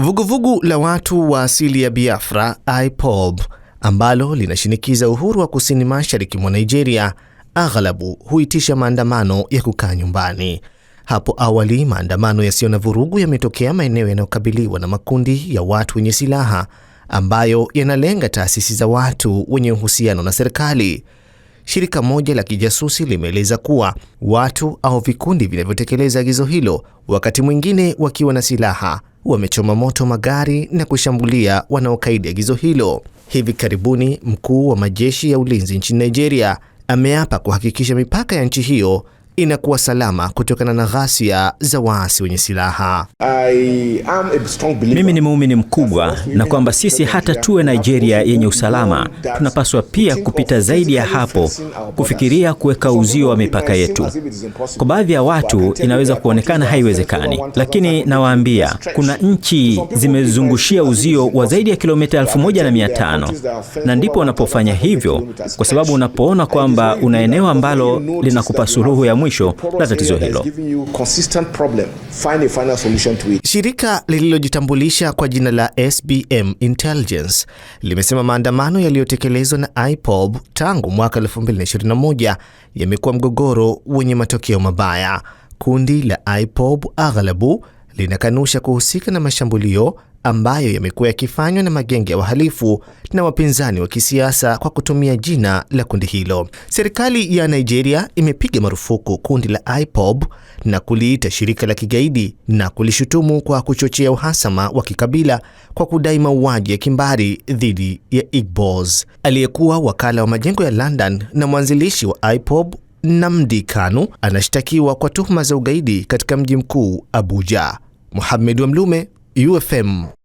Vuguvugu la watu wa asili ya Biafra IPOB ambalo linashinikiza uhuru wa kusini mashariki mwa Nigeria aghalabu huitisha maandamano ya kukaa nyumbani. Hapo awali maandamano yasiyo na vurugu yametokea maeneo yanayokabiliwa na makundi ya watu wenye silaha ambayo yanalenga taasisi za watu wenye uhusiano na serikali shirika moja la kijasusi limeeleza kuwa watu au vikundi vinavyotekeleza agizo hilo, wakati mwingine wakiwa na silaha, wamechoma moto magari na kushambulia wanaokaidi agizo hilo. Hivi karibuni mkuu wa majeshi ya ulinzi nchini Nigeria ameapa kuhakikisha mipaka ya nchi hiyo inakuwa salama kutokana na ghasia za waasi wenye silaha. Mimi ni muumini mkubwa na kwamba sisi hata tuwe Nigeria yenye usalama, tunapaswa pia kupita zaidi ya hapo, kufikiria kuweka uzio wa mipaka yetu. Kwa baadhi ya watu inaweza kuonekana haiwezekani, lakini nawaambia kuna nchi zimezungushia uzio wa zaidi ya kilomita 1500 na ndipo wanapofanya hivyo, kwa sababu unapoona kwamba una eneo ambalo linakupa suluhu ya mwini mwisho la tatizo hilo. Shirika lililojitambulisha kwa jina la SBM Intelligence limesema maandamano yaliyotekelezwa na IPOB tangu mwaka 2021 yamekuwa mgogoro wenye matokeo mabaya. Kundi la IPOB aghalabu linakanusha kuhusika na mashambulio ambayo yamekuwa yakifanywa na magenge ya wahalifu na wapinzani wa kisiasa kwa kutumia jina la kundi hilo. Serikali ya Nigeria imepiga marufuku kundi la IPOB na kuliita shirika la kigaidi na kulishutumu kwa kuchochea uhasama wa kikabila kwa kudai mauaji ya kimbari dhidi ya Igbos. Aliyekuwa wakala wa majengo ya London na mwanzilishi wa IPOB Namdi Kanu anashtakiwa kwa tuhuma za ugaidi katika mji mkuu Abuja. Muhamed wa Mlume, UFM.